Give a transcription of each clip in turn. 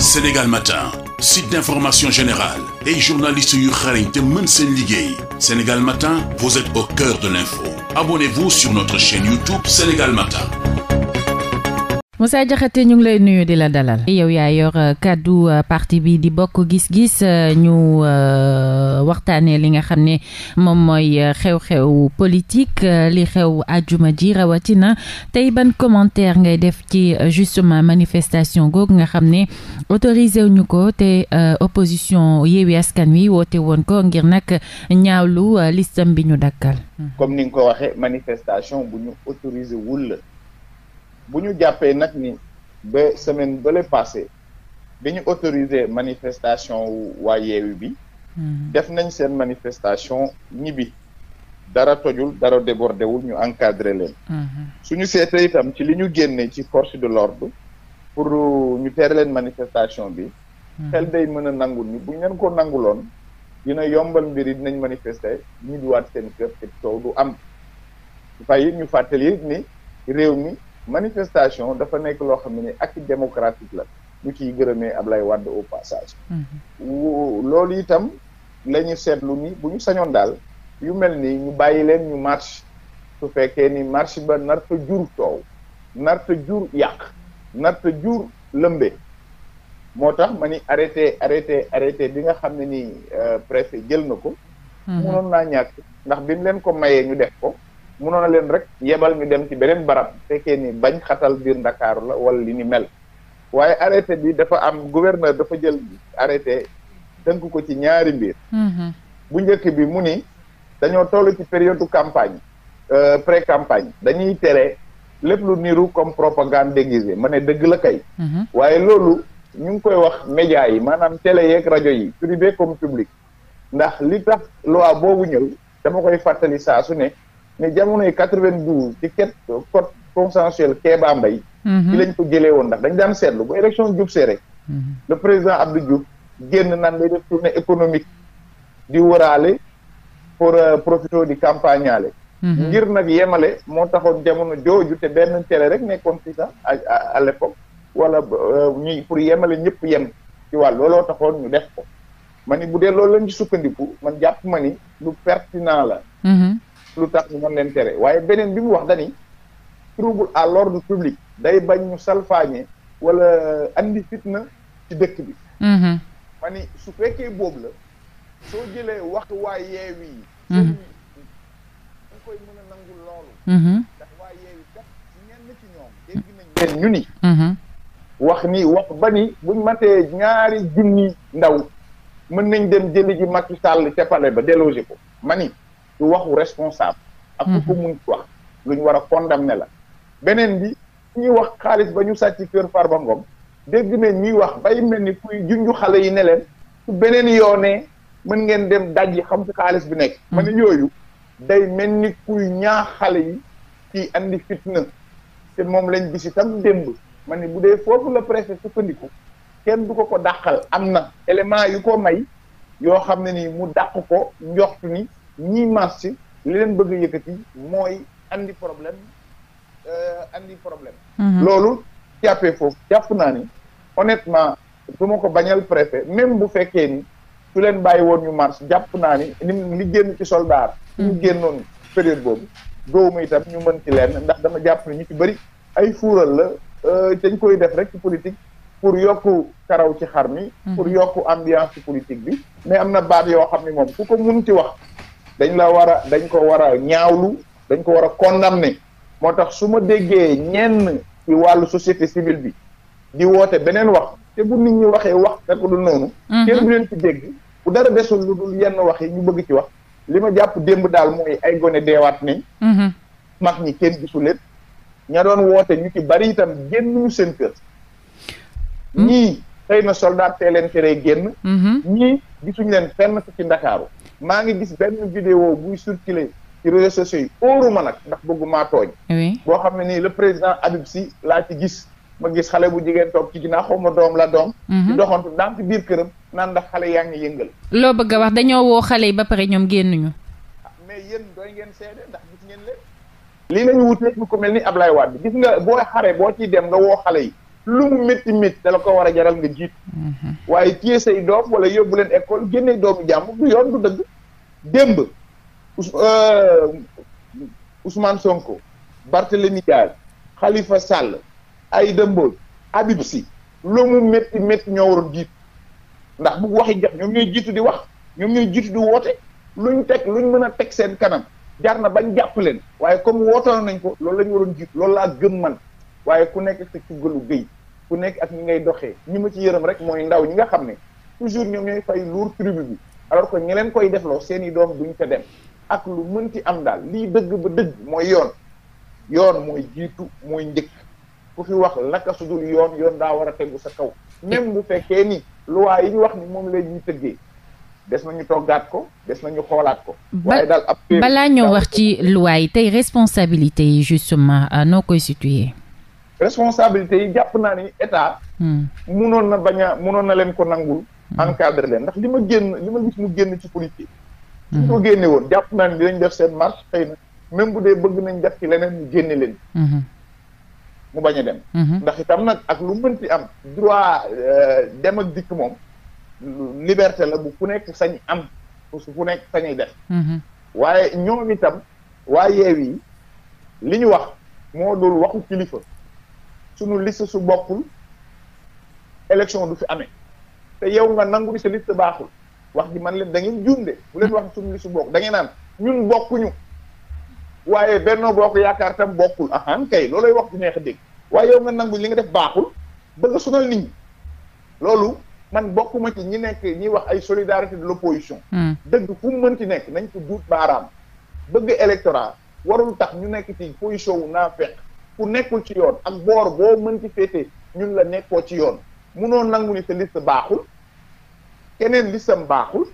Sénégal Matin site d'information générale et journaliste yu xarañ te seen liggéey Sénégal Matin vous êtes au cœur de l'info abonnez-vous sur notre chaîne YouTube Sénégal Matin Moussa Diakhaté ñu ngi lay nuyu di la dalal yow yaa yor euh, kàddu euh, parti bi di bokk gis-gis euh, ñu waxtaanee li nga xam ne moom mooy xew-xew politique li xew àjjuma ji rawatina tey ban commentaire ngay def ci justement manifestation googu nga xam ne autorisé wuñu ko te opposition Yewwi Askan Wi woote woon ko ngir nag ñaawlu listam bi ñu dakkal comme ni nga ko waxee manifestation bu ñu autorisé bu ñu jàppee nag ni ba semaine bële passé bi ñu autorisé manifestation wu waa yeewi bi hmm. def nañ seen manifestation ñibbi dara tojul dara débordé wul ñu encadré leen hmm. suñu seetee itam ci li ñu génnee ci force de l'ordre pour ñu tere leen manifestation bi hmm. xel day mën a nangul bu buñ leen ko nanguloon dina yombal mbir yi dinañ manifester ñibbiwaat seen kër te coow du am fay ñu fàttali ni réew mi manifestation dafa nekk loo xam ne ni ak démocratique la ñu ciy gërëmee Ablaye Wade au passage. Mhm. loolu itam la seetlu ni bu ñu sañoon daal yu mel ni ñu bàyyi leen ñu marche su fekkee ni marche ba narta jur toow narta jur yàq narta jur lëmbe moo tax ma ni arrêté arrêté arrêté bi nga xam ne ni euh, préfet jël na ko. mënoon mhm. naa ñàkk ndax bi mu leen ko mayee ñu def ko. mënoon a leen rek yebal ñu dem ci beneen barab fekkee ni bañ xatal biir ndakaaru la wala li ni mel waaye arrêté bi dafa am gouverneur dafa jël arrêté tënk ko ci ñaari mbir mhm. bu njëkk bi mu ni dañoo toll ci période campagne euh, pré campagne dañuy tere lépp lu niru comme propagande déguisée ma ne dëgg la kay mhm. waaye loolu ñu ngi koy wax média yi maanaam télé yeeg rajo yi privé comme public ndax li tax loi boobu ñëw dama koy fàttali saa su ne mais jamono jamonoy 92 ci ket code consensuel Kéba Mbaye mhm. ci lañ ko jëlee woon ndax dañ daan seetlu bu élection jub see rek mhm. le président Abdou Diouf génn naan lay def tournée économique di wëraale pour euh, profiter di campagne ale mhm. ngir nag yemale moo taxoon jamono jooju te benn télé rek nekkoon fi sax à l'époque wala euh, ñuy pour yemale ñëpp yem ci wàll looloo taxoon ñu def ko ma ni bu dee loolu lañ ci sukkandiku man jàpp ma ni lu pertinent la lu tax ñu mën leen tere waaye beneen bi mu wax dani trouble à l'ordre public day bañ ñu salfaañe wala andi fitna ci dëkk bi mm-hmm. ma ni su fekkee boobu la soo jëlee waxtu waa yeewi yi mm-hmm. mm-hmm. ñu ni wax ni wax ba ni buñ matee ñaari junni ndaw mën nañ dem jëli ji Macky Sall ca palais ba délogé ko ma du waxu responsable ak ku ko mhm. mun wax lu ñu war a condamné la beneen bi ñuy wax xaalis ba ñu sàcc kër Farba Ngom dégg nañ ñuy wax bay mel ni kuy junju xale yi ne leen su beneen yoonee mën ngeen dem daj xam fi xaalis bi nekk ma ne mhm. yooyu day mel ni kuy ñaax xale yi ci andi fitna te moom lañ gis itam démb ma ne bu dee foofu la préfet sukkandiku kenn du ko ko dàqal am na élément yu ko may yoo xam ne ni mu dàq ko njoxtu ni ñiy marche li leen bëgg a yëkkati mooy andi problème euh, andi problème. Mhm. loolu jàppee foofu jàpp naa ni honnêtement du ma ko bañal préfet même bu fekkee ni su leen bàyyi woon ñu marche jàpp naa ni ni li génn ci soldat su ñu mhm. génnoon période boobu doomu itam ñu mën ci leen ndax dama jàpp ni ñu ci bëri ay fuural la euh, dañ koy def rek ci politique pour yokk karaw ci xar mi mhm. pour yokk ambiance ci politique bi mais am na baat yoo xam ne moom ku ko mun ci wax dañ la war a dañ ko war a ñaawlu dañ ko war a condamner moo tax su ma déggee ñenn ci wàllu société civile bi di woote beneen wax te bu nit ñi waxee wax rek du noonu. Mhm. kenn bu leen ci dégg bu dara desul lu dul yenn wax yi ñu bëgg ci wax li ma jàpp démb daal mooy ay gone deewaat ni mhm. mag ñi kenn gisu leen ña doon woote ñu ci bari itam génnuñu seen kër. Mhm. ñii xëy na soldat tee leen tere génn. ñii gisuñu leen fenn ci Ndakaaru. maa ngi gis benn vidéo buy circuler ci réseaux sociaux yi óoruma nag ndax bëgguma tooñ boo xam ne nii la président Habib Sy laa ci gis ma gis xale bu jigéen toog ci ginnaaw xaw ma doom la doom mhm. di doxantu daan ci biir këram naan ndax xale yaa ngi yëngal loo bëgg a wax dañoo woo xale yi ba pare ñoom génnuñu ah, mais yéen doy ngeen seede ndax gis ngeen leen lii lañu wuteeg ku mel ni ab Ablaye Wade gis nga boo xare boo ciy dem nga woo xale yi lu mu métti métti da la ko war a jaral nga jiitu. Mhm. waaye téye say doom wala yóbbu leen école génne doomu jàmm du yoon du dëgg. démb Ous euh, Ousmane Sonko Barthélémy Dias Khalifa Sall Aïda Mbodj Habib Sy lu mu métti métti ñoo waroon jiitu ndax bu waxi jox ñoom ñooy jiitu di wax ñoom ñooy jiitu di woote luñ teg luñ mën a teg seen kanam jar na bañ jàpp leen waaye comme wootoon nañ ko loolu la waroon jiitu loolu laa gëm man waaye ku nekk sa ci gëlu gëy ku nekk ak ñi ngay doxee ñi ma ci yërëm rek mooy ndaw ñi nga xam ne toujours ñoom ñooy fay lourd tribut bi alors que ñi leen koy defloo seeni i doom duñ ko dem ak lu mënti am daal lii dëgg ba dëgg mooy yoon yoon mooy jiitu mooy njëkk ku fi wax laka su dul yoon yoon daa war a tegu sa kaw même bu fekkee ni loi yi ñu wax ni moom la ñuy tëggee des ñu toggaat ko des ñu xoolaat ko. waaye daal ab balaa ñoo wax ci loi yi tey responsabilité yi justement euh, noo koy sit responsabilité yi jàpp naa ni état. Hmm. munoon na bañ a munoon na leen ko nangul. Hmm. encadré leen ndax li ma génn li ma gis mu génn ci politique. Hmm. li ma génne woon jàpp naa ni dinañ def seen marche xëy na même bu dee bëgg nañ def ci leneen ñu génne leen. mu bañ a dem. ndax itam nag ak lu mënti am droit euh, dem ak dikk moom liberté la bu ku nekk sañ am su ku nekk sañuy def. waaye ñoom itam waa yeew yi li ñu wax moo dul waxu kilifa. suñu liste su bokkul élection du fi amee te yow nga nangu ni sa liste baaxul wax ji man leen da ngeen junde bu leen wax suñu liste bokk da ngeen naan ñun bokkuñu waaye Benno Bokk Yaakaar tam bokkul ahan kay loolay wax ju neex a dégg waaye yow nga nangu li nga def baaxul bëgg a sunal loolu man bokkuma ci ñi nekk ñi wax ay solidarité de l'opposition hmm. dëgg fu mu ci nekk nañ ko duut baaraam bëgg électorat warul tax ñu nekk ci position wu naa fekk ku nekkul ci yoon ak boor boo mën ci féete ñun la nekkoo ci yoon munoo nangu ni sa liste baaxul keneen listam baaxul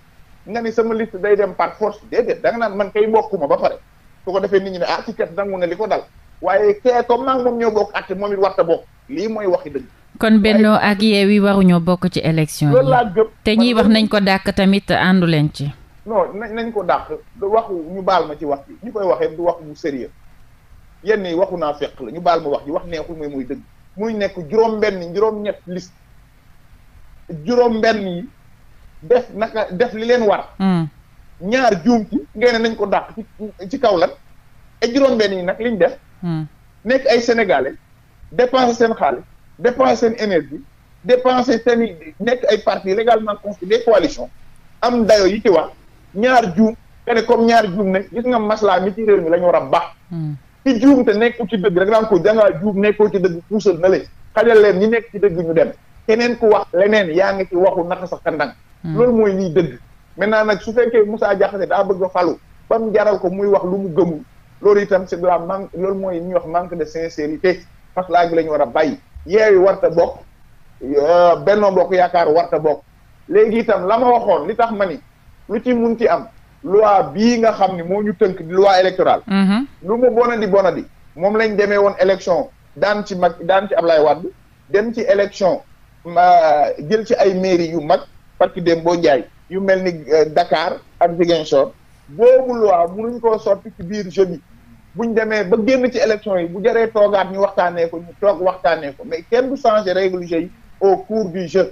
nga ni sama liste day dem par force déedéet da nga naan man kay bokkuma ba pare su ko defee nit ñi ne ah ci nangu na li ko dal waaye kee comme maa moom ñoo bokk àtte moom it warta bokk lii mooy waxi dëgg kon Benno ak Yewwi waruñoo bokk ci élection yi laa gëm te ñiy wax nañ ko dàq tamit àndu leen ci non nañ ko dàq waxu ñu baal ma ci wax bi ñu koy waxee du wax bu sérieux yenn yi waxu naa fekk la ñu baal ma wax ji wax neexul mooy muy dëgg muy nekk juróom-benn juróom-ñett liste juróom-benn yi def naka def li leen war. Hmm. ñaar juum ci ngeen nañ ko dàq ci ci kaw lan et juróom-benn yi nag liñ def. Hmm. nekk ay sénégalais dépenser seen xaalis dépenser seen énergie dépenser seen nekk ay parti légalement constitué de coalitions am dayo yi ci wax ñaar juum nga ne comme ñaar juum ne gis nga maslaa mi ci réew mi la ñu war a baax. Hmm. ki juum te nekkul ci dëgg rek daan ko dangaa juum nekkul ci dëgg puusal na leen xajal leen ñi nekk ci dëgg ñu dem keneen ku wax leneen yaa ngi ci waxu naka sax kandang hmm. loolu mooy liy dëgg maintenant nag su fekkee musaa Diakhaté daa bëgg a falu ba mu jaral ko muy wax lu mu gëmul loolu itam c'est de la loolu mooy ñuy wax manque de sincérité parce que laa gi la ñu war a bàyyi yeewi warta bokk euh, Benno Bokk Yaakaar warta bokk léegi itam la ma waxoon li tax ma ni lu ci mun ci am loi bii nga xam ni moo ñu tënk di loi électorale mm-hmm. lu mu bonadi bonadi moom lañ demee woon élection daan ci mag daan ci lay Wade dem ci élection jël ci ay mairie yu mag parti dem boo njaay yu mel ni euh, dakaar ak Ziguinchor boobu loi mënuñ ko sotti ci biir jeu bi buñ demee ba génn ci élection yi bu jëree toogaat ñu waxtaanee ko ñu toog waxtaanee ko mais kenn du changer règle jeu yi au cours du jeu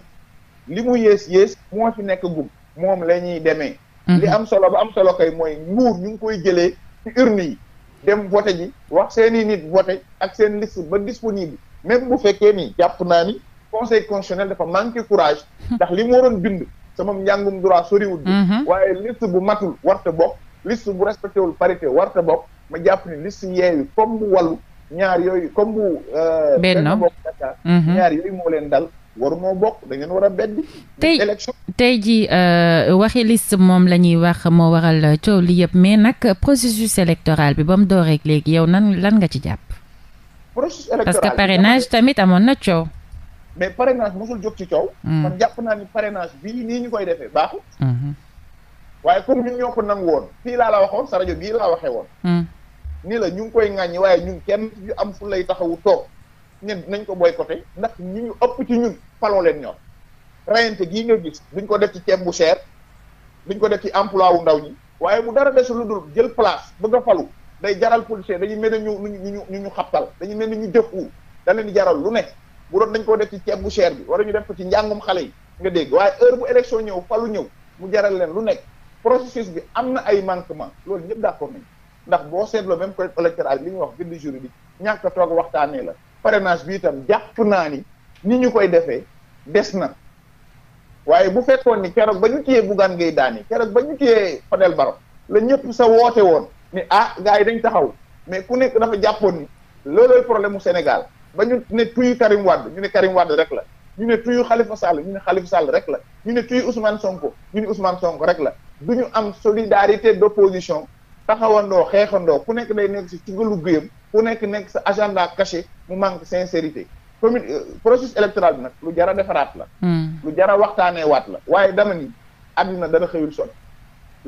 li mu yées yées moo ci nekk gub moom la ñuy demee Mm-hmm. li am solo ba am solo kay mooy nguur ñu ngi koy jëlee ci urne yi dem vote ji wax seen i nit vote ak seen liste ba disponible même bu fekkee ni jàpp naa ni conseil constitutionnel dafa manqué courage mm-hmm. ndax li mu waroon bind sama njàngum droit soriwul bi mm-hmm. waaye liste bu matul warta bokk liste bu respecté wul parité warta bokk ma jàpp ni liste yeewi comme bu wàllu ñaar yooyu comme bu euh, benn bokk Dakar ñaar yooyu moo leen dal warunoo bokk da ngeen war a beddi tey élection tey jii euh, waxi liste moom la ñuy wax moo waral euh, coow li yëpp mais nag processus électoral bi ba mu door léegi yow nan lan nga ci jàpp. processus électoral parce que parrainage tamit amoon na coow. mais parrainage mosul jóg ci coow. Hmm. man jàpp naa ni parrainage bii nii ñu koy defee baaxul. Hmm. waaye comme ñun ñoo ko nangu woon fii laa la waxoon sa rajo bii laa waxee woon. Hmm. nii la ñu ngi koy ŋàññi waaye ñun kenn am fu lay taxawu toog. ne nañ ko boycotté ndax ñu ñu ëpp ci ñun faloo leen ñoom rayante gii nga gis duñ ko def ci ceeb bu cher duñ ko def ci emploi wu ndaw ñi waaye bu dara desul lu dul jël place bëgg a falu day jaral policier dañuy mel ni ñu ñu ñu ñu xabtal dañu mel ni ñu jëfu da leen di jaral lu nekk bu doon dañ ko def ci ceeb bu cher bi wala ñu def ko ci njàngum xale yi nga dégg waaye heure bu élection ñëw falu ñëw mu jaral leen lu nekk processus bi am na ay manquement loolu ñëpp d'accord nañ ndax boo seetloo même code électoral li ñuy wax bind juridique ñàkk a toog waxtaanee la parrainage bi itam jàpp naa ni ni ñu koy defee des na waaye bu fekkoon ni keroog ba ñu téyee Bougane Gueye Dany keroog ba ñu téyee Fadel Barro la ñëpp sa woote woon ni ah gars yi dañ taxaw mais ku nekk dafa jàppoon ni loolooy problème mu Sénégal ba ñu ne tuyu Karim Wade ñu ne Karim Wade rek la ñu ne tuyu Khalifa Sall ñu ne Khalifa sàll rek la ñu ne tuyu Ousmane Sonko ñu ne Ousmane Sonko rek la du ñu am solidarité d'opposition taxawandoo xeexandoo ku nekk day nekk si ci galu guyam ku nekk nekk sa agenda caché mu manque sincérité commune euh, processus électoral bi nag lu jar a defaraat la. Hmm. lu jar a waxtaanee waat la. waaye dama ni àddina dana xëyul son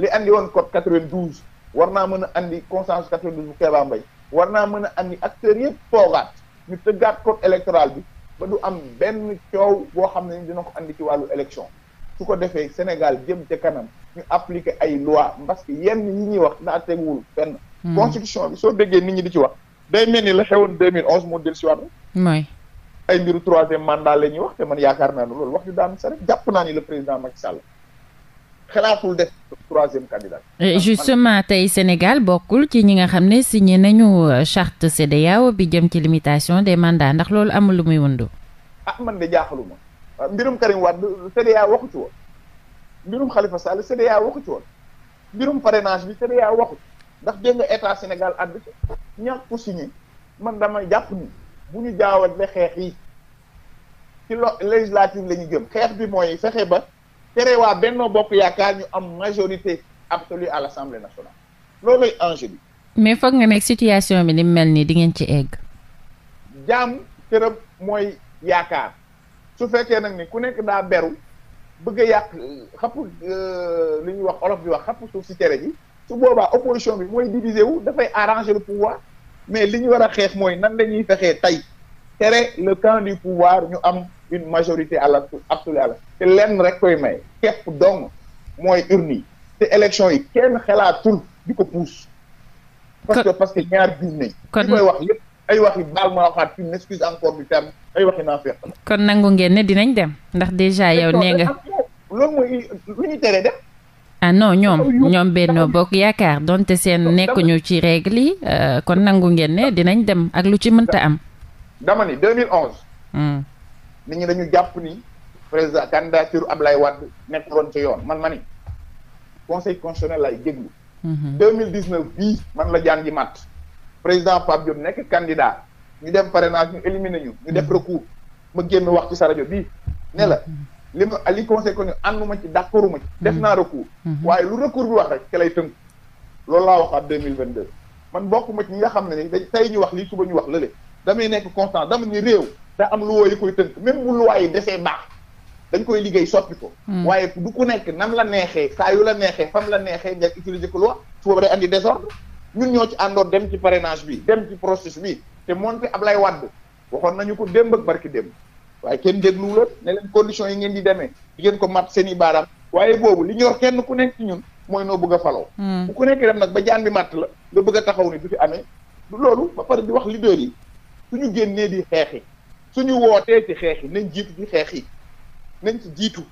li andi woon code 92 war naa mën a andi consensus 92 bu Kéba mbay war naa mën a andi acteurs yëpp toogaat ñu tëggaat code électoral bi ba du am benn coow boo xam ne dina ko andi ci wàllu élection su ko defee Sénégal jëm ca kanam ñu appliquer ay loi parce que yenn yi ñuy wax daa teguwul fenn. Hmm. constitution bi soo déggee nit ñi di ci wax. day mel ni la xewoon 2011 moo dellusiwaat rek. mooy. ay mbiru troisième mandat la wax te man yaakaar naa loolu wax ju daan sa rek jàpp naa ni le président Macky Sall xalaatul def troisième justement tey Sénégal bokkul ci ñi nga xam ne signé nañu charte CEDEAO bi jëm ci limitation des mandats ndax loolu amul lu muy wëndu. ah man de jaaxaluma ah, mbirum Karim Wade CEDEAO waxu ci woon mbirum Khalifa Sall CEDEAO waxu ci woon mbirum parrainage bi CEDEAO waxu ndax dégg nga état Sénégal ñàkk ko signé man dama jàpp ni bu ñu jaawale xeex yi ci lo législative la ñu jëm xeex bi mooy fexe ba tere waa Benno Bokk Yaakaar ñu am majorité absolue à l'Assemblée nationale loolu enjeu bi. mais foog nga nekk situation bi ni mel nii di ngeen ci egg. jaam tërëb mooy yaakaar su fekkee nag ni ku nekk daa beru bëgg a yàq xapp euh, li ñuy wax olof bi wax xapp suuf si tere bi su boobaa opposition bi mooy diviser wu dafay arranger le pouvoir mais li ñu war a xeex mooy nan la ñuy fexee tey tere le camp du pouvoir ñu am une majorité à la absolue à la te lenn rek koy may képp dong mooy urne yi te élection yi kenn xalaatul di ko pousse. parce que parce que ñaar juum nañ. li may wax yëpp ay waxi baal ma waxaat fi m'excuse encore du terme ay waxi naa feex kon nangu ngeen ne dinañ dem. ndax déjà yow nee nga. loolu mooy lu ñu teree dem. ah non ñoom ñoom Benno Bokk Yaakaar donte seen nekkuñu ci règle yi euh, kon nangu ngeen ne dinañ dem ak lu ci mënta am. dama ni 2011. Hmm. nit ñi dañu jàpp ni président candidature Ablaye Wade nekkoon ci yoon man ma ni conseil constitutionnel lay déglu. 2019 hmm. bii man la jaan ji mat président Pape Diop nekk candidat ñu dem parrainage ñu éliminer ñu. ñu def hmm. recours ma génn wax ci sa bii ne la. li ma li conseil ko ñu ànduma ci d'accord ma ci. def naa mm-hmm. recours. Mm-hmm. waaye lu recours bi wax rek ca lay tënk. loolu laa waxaat deux mille vingt deux man bokk ma ci nga xam ne ni dañ ñu wax lii suba ñu wax lële damay nekk constant dama ni réew. te am luwaa yi koy tënk même bu luwaa yi desee baax dañ koy liggéey soppi ko. Mm. waaye du ku nekk nam la neexee saa yu la neexee fam la neexee nga utiliser ko loi suba day indi désordre ñun ñoo ci àndoon dem ci parrainage bi dem ci processus bi te moonte Ablaye Wade waxoon nañu ko démb ak barki démb. waaye kenn dégluwu leen ne leen conditions yi ngeen di demee di ngeen ko mat seeni i baaraam waaye boobu li ñor kenn ku nekk ci ñun mooy noo bëgg a faloo hmm. bu ku nekk dem nag ba jaan bi matt la nga bëgg a taxaw ni du fi amee du loolu ba pare di wax leader yi su ñu génnee di xeexi suñu wootee ci xeex yi nañ jiitu ci xeex yi nañ ci jiitu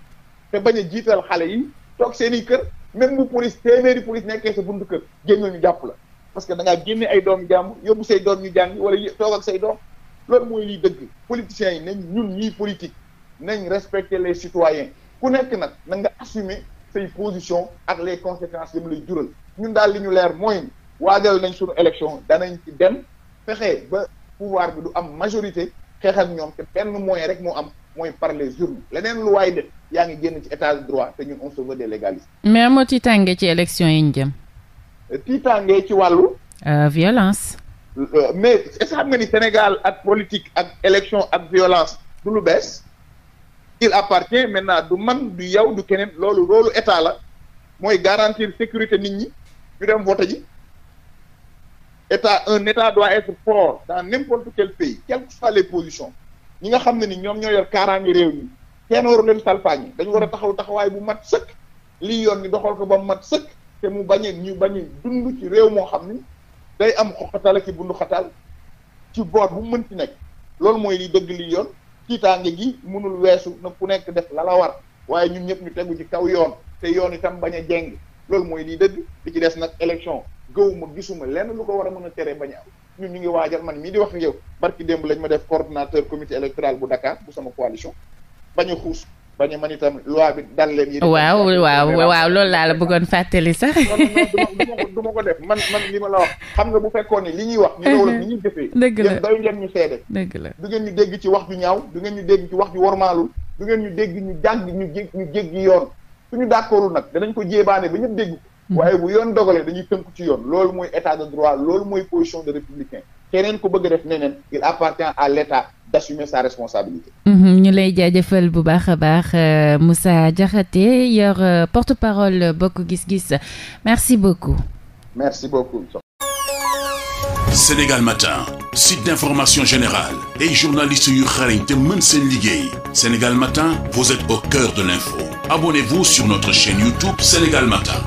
te bañ a jiital xale yi toog seen i kër même bu police téeméeri police nekkee sa buntu kër génn ñu jàpp la parce que da ngaa génne ay doom jàmm yóbbu say doom ñu jàngi wala toog ak say doom loolu mooy liy dëgg politiciens yi nañ ñun ñuy politique nañ respecter les citoyens ku nekk nag na nga assumer say position ak les conséquence yam lay jural ñun daal li ñu leer mooy waagal nañ suñu élection danañ ci dem fexe ba pouvoir bi du am majorité xeex ñoom te benn moyen rek moo am mooy par les urnes leneen lu waay def yaa ngi génn ci état de droit te ñun on se veut des légalistes. mais amoo tiitaange ci élection yi ñu jëm. tiitaange ci wàllu. Euh, violence. Euh, mais est-ce nga ni Sénégal ak politique ak élection ak violence du lu bees il appartient maintenant du man du yow du keneen loolu rôle état la mooy garantir sécurité nit ñi ñu dem vote ji état un état doit être fort dans n'importe quel pays quelles que les positions ñi nga xam ne ni ñoom ñoo yor kaaraange réew mi kenn waru leen salfaañi dañu war a taxaw taxawaay bu mat sëkk lii yoon ni doxal ko ba mu mat sëkk te mu bañ ñu bañ dund ci réew moo xam ni day am xoxatal ak bundu xatal ci boor bu mënti nekk loolu mooy li dëgg li yoon tiitaange gi mënul weesu nag ku nekk def la la war waaye ñun ñëpp ñu tegu ci kaw yoon te yoon itam bañ a jeng loolu mooy liy dëgg li ci des nag élection gëwuma gisuma lenn lu ko war a mën a teree bañ am ñun ñu ngi waajal man mii di wax ak yow barki démb lañ ma def coordonnateur comité électoral bu Dakar bu sama coalition bañ a xuus bañu man itam loi bi dal leen. waaw waaw waaw loolu laa la bëggoon fàttali sax. du ma ko def man man li ma la wax. xam nga bu fekkoon ne li ñuy wax. ñu loolu ni ñuy jëfee. dëgg la doy ngeen ñu seede. dëgg la du ngeen ñu dégg ci wax ju ñaaw du ngeen ñu dégg ci wax ju wormaalul du ngeen ñu dégg ñu jàng ñu jég ñu jéggi yoon suñu d'accordul nag danañ ko jéebaane ba ñëpp déggu hmm. waaye bu yoon dogalee dañuy tënku ci yoon loolu mooy état de droit loolu mooy position de républicain. keneen ku bëgg def neneen il appartient à l'État d'assumer sa responsabilité. Mm-hmm, ñu lay jaajëfal bu baax a baax euh, Moussa Diakhaté yor euh, porte-parole Bokk Gis Gis merci beaucoup. merci beaucoup. Sénégal Matin site d'information générale et journaliste yu te mën seen Sénégal Matin vous êtes au cœur de l'info abonnez-vous sur notre chaîne YouTube Sénégal Matin.